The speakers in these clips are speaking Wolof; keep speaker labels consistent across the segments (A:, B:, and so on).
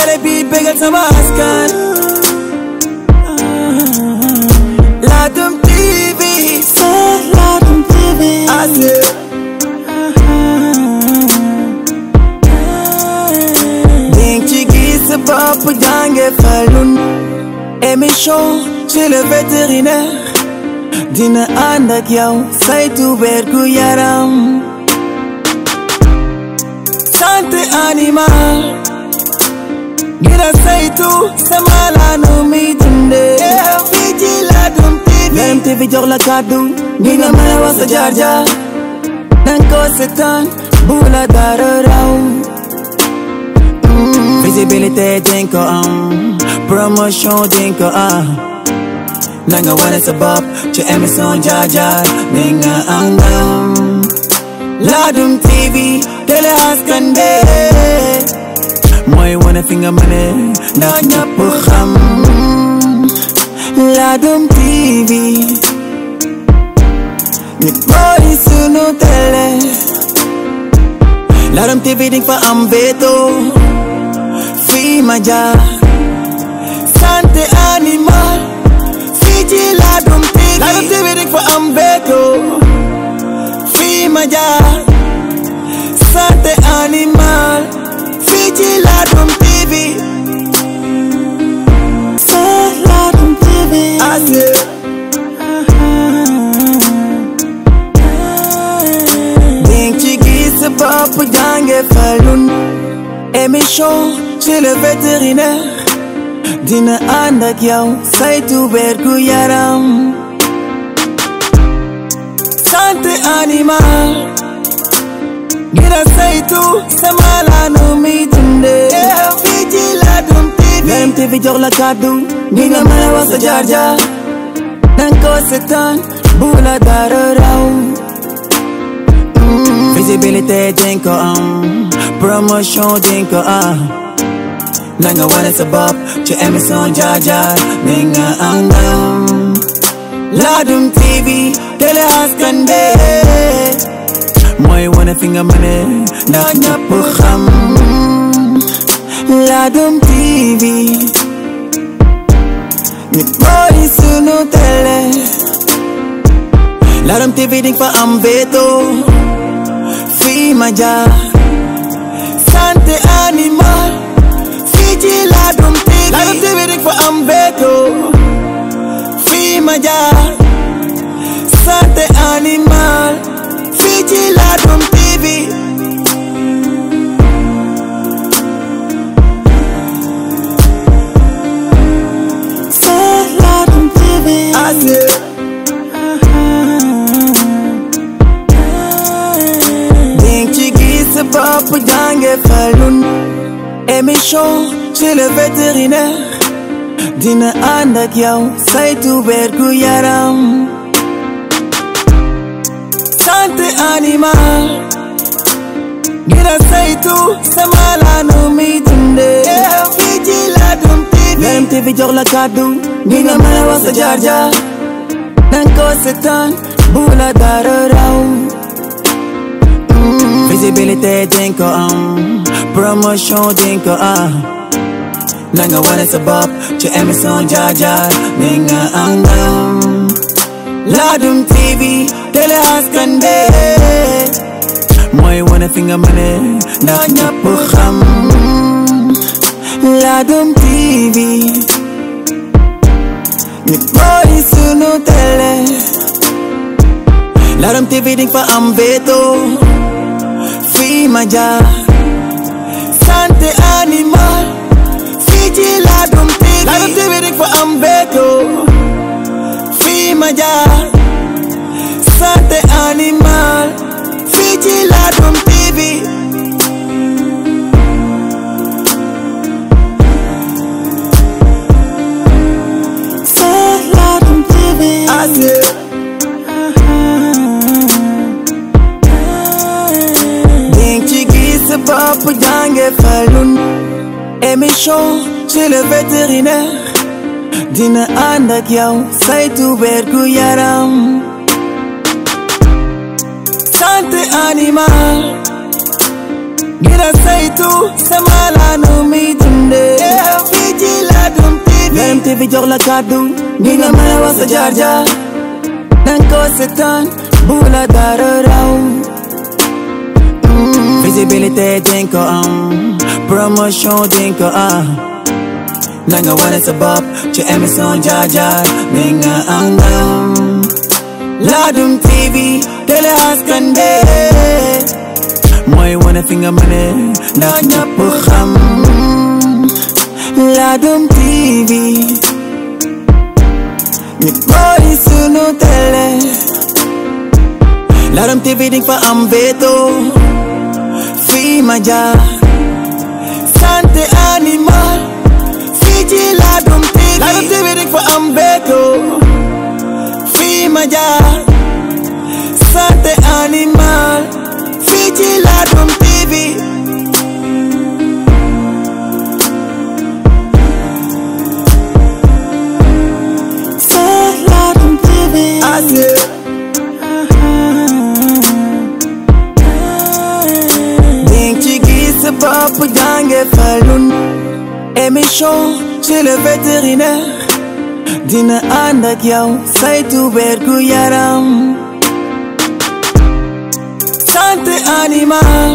A: télé bi bégal sama askan ci gis sa bopp jànge falun émission chez le vétérinaire dina ànd ak yow saytu wérgu animal ngir sama laanu mi dundee. fii ci Ladoum TV. Ladoum TV jox la kàddu. ngir nga mën a sa jaar jaar. danga ko seetaan bu dara raw. Mm. visibilité dinga am promotion dinga am. nanga wane sa ci émission jaar jaar ni nga am ndam. Ladoum TV télé askan bi. mooy wane fi nga mëne ndax ñëpp xam Ladoum TV ñu mooy sunu télé Ladoum TV dinga fa am béto fii ma jaar santé animal fii ci Ladoum TV Ladoum TV dinga fa am béto fii ma jaar santé animal ñëpp jànge falun émission chez le vétérinaire dina ànd ak saytu bergu yaram santé animal dina saytu sama laanu mi tunde fii ci Ladoum TV Ladoum TV jox la kàddu di nga mën a wax sa jaar jaar danga bu la dara raw visibilité dinga ko am promotion dinga ko am nanga wane sa bopp ci émission Jaar Jaar ni nga am ndam Ladoum TV télé askan bi mooy wane fi nga mëne ndax ñëpp xam Ladoum TV ñu boori sunu télé Ladoum TV dinga fa am veto fii ma jaar santé animal fii ci Ladoum TV Ladoum TV dik fa am veto fii ma jaar santé animal fii ci Ladoum TV Ladoum TV champ chez le vétérinaire dina ànd ak saytu wergu yaram santé animal dina saytu sama laanu mi dundee fii ci Ladoum TV Ladoum TV jox la kàddu dina mën a wax sa jaar-jaar danga dara raw mm-hmm. visibilité dinga am promotion din ko ah na nga wane sa bopp ci émission jaajaar ni TV télé askan mooy wane fi nga mëne ndax xam Ladoum TV ñu boole sunu télé Ladoum TV di fa am veto fii santé animal fii ci Ladoum TV Ladoum TV rek fa am béto jaar pap jànge Falloon émission ci le vétérinaire dina ànd ak saytu wergu yaram santé animal dina saytu sama laanu mi dunde fii ci Ladoum TV Ladoum TV jox la kàddu ni nga jaar jaar danga ko seetaan bu la dara raw visibilité dinga ko am um, promotion dinga ko am ah. nanga wane sa bopp ci émission Jaar Jaar mi nga am ndam Ladoum TV télé askan bi mooy wane fi nga mën ndax ñëpp xam Ladoum TV ñu boole sunu télé Ladoum TV dinga fa am veto fii ma jaar santé animal fii ci Ladoum TV Ladoum TV rek fa am béto fii ma jaar santé animal fii ci Ladoum TV méchant chez le vétérinaire dina ànd ak saytu bergu yaram santé animal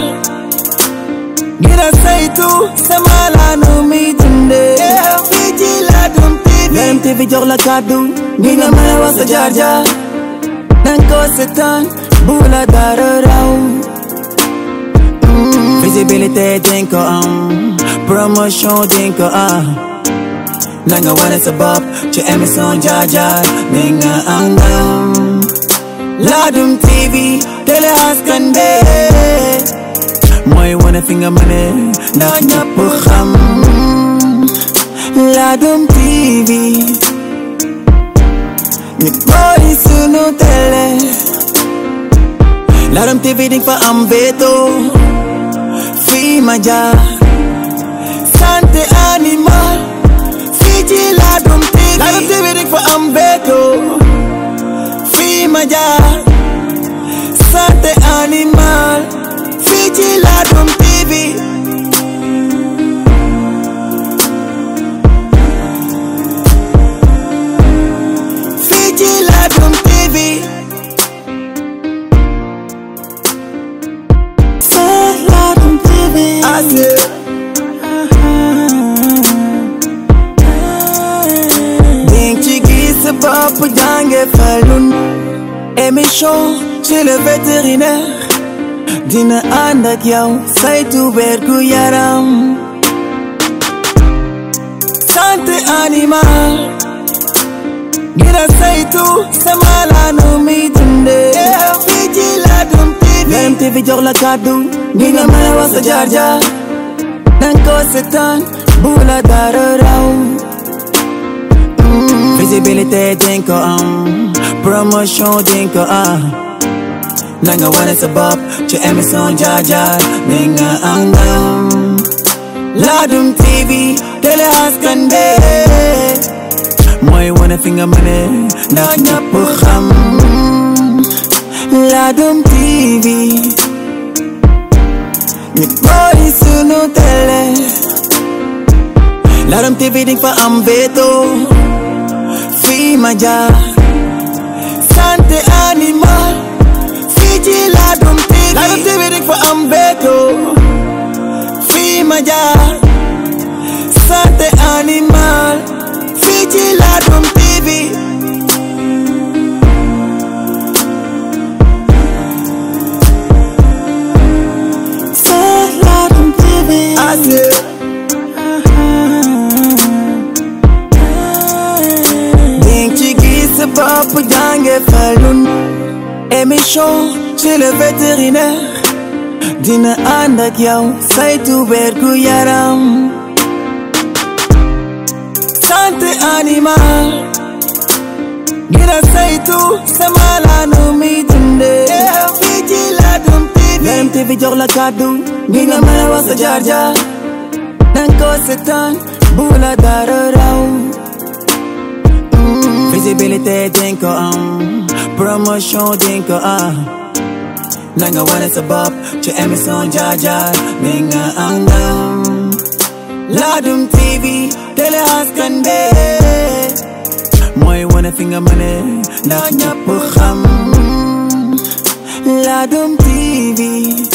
A: dina saytu sa malaanu mi dundee fii ci Ladoum TV Ladoum TV jox la kàddu dina mën a wax jaar-jaar danga ko seetaan bu dara raw visibilité dinga am promotion din ko a Nanga wala sabab ci émission jaajaar ni nga àndam Ladoum TV télé mooy wane fi nga mëne ndax ñëpp xam Ladoum TV ñu boori sunu télé Ladoum TV di fa am veto fii ma météo fii ma jaar santé animal fii ci Ladoum TV émission chez le vétérinaire dina ànd ak saytu wergu yaram santé animal dina saytu sama laanu mi dundee fii ci Ladoum TV Ladoum TV jox la kàddu bi nga mën jaar-jaar danga ko seetaan bu la raw mm-hmm. visibilité dinga am promotion dinga wane sa bopp ci émission jaajaar ni nga TV télé mooy wane fi nga mëne TV ñu boole sunu télé Ladoum TV dinga fa am veto fii ma jaar te animal fii ci Ladoum TV Ladoum TV rek jaar santé animal fii ci Ladoum TV Faloun émission chez le vétérinaire dina ànd ak yow saytu bergu yaram santé animal dina saytu sama la nu mi dundee fii ci Ladoum TV LMTV jox la kàddu bi nga mën a wax sa jaar jaar danga ko seetaan bu la dara raw visibilité dinga ko am um, promotion dinga ko am ah. wane sa bopp ci émission Jaar Jaar mi nga am fi nga